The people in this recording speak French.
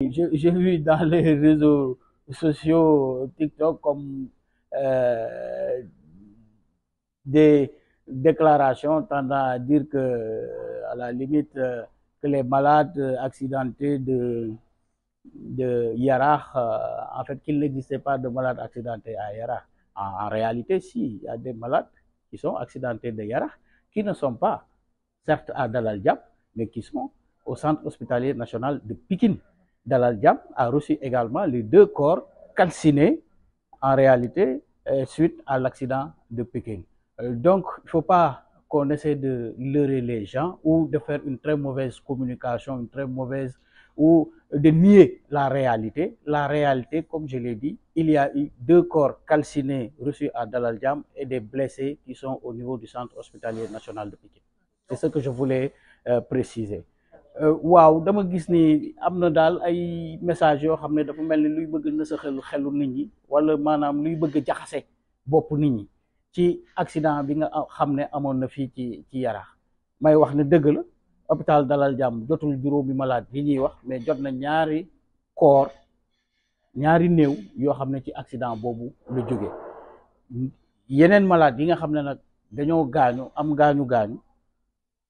J'ai vu dans les réseaux sociaux, TikTok, comme euh, des déclarations tendant à dire que, à la limite, euh, que les malades accidentés de, de Yarach, euh, en fait, qu'il n'existait pas de malades accidentés à Yarach. En, réalité, si, il y a des malades qui sont accidentés de Yarach, qui ne sont pas, certes, à Dalal mais qui sont au centre hospitalier national de Pékin. Dalal a reçu également les deux corps calcinés en réalité euh, suite à l'accident de Pékin. Euh, donc, il ne faut pas qu'on essaie de leurrer les gens ou de faire une très mauvaise communication, une très mauvaise ou de nier la réalité. La réalité, comme je l'ai dit, il y a eu deux corps calcinés reçus à Dalal et des blessés qui sont au niveau du centre hospitalier national de Pékin. C'est ce que je voulais euh, préciser. Euh, waaw dama gis ni am na daal ay message yoo xam ne dafa mel ni luy bëgg na sa xelu xelu nit ñi wala maanaam luy bëgg jaxase bopp nit ñi ci accident bi nga xam ne amoon na fii ci ci Yaraax may wax ne dëgg la hôpital Dalal Jàmm jotul juróomi malaat yi ñuy wax mais jot na ñaari corps ñaari néew yoo xam ne ci accident boobu la jóge yeneen malade yi nga xam ne nag dañoo gaañu am gaañu gaañu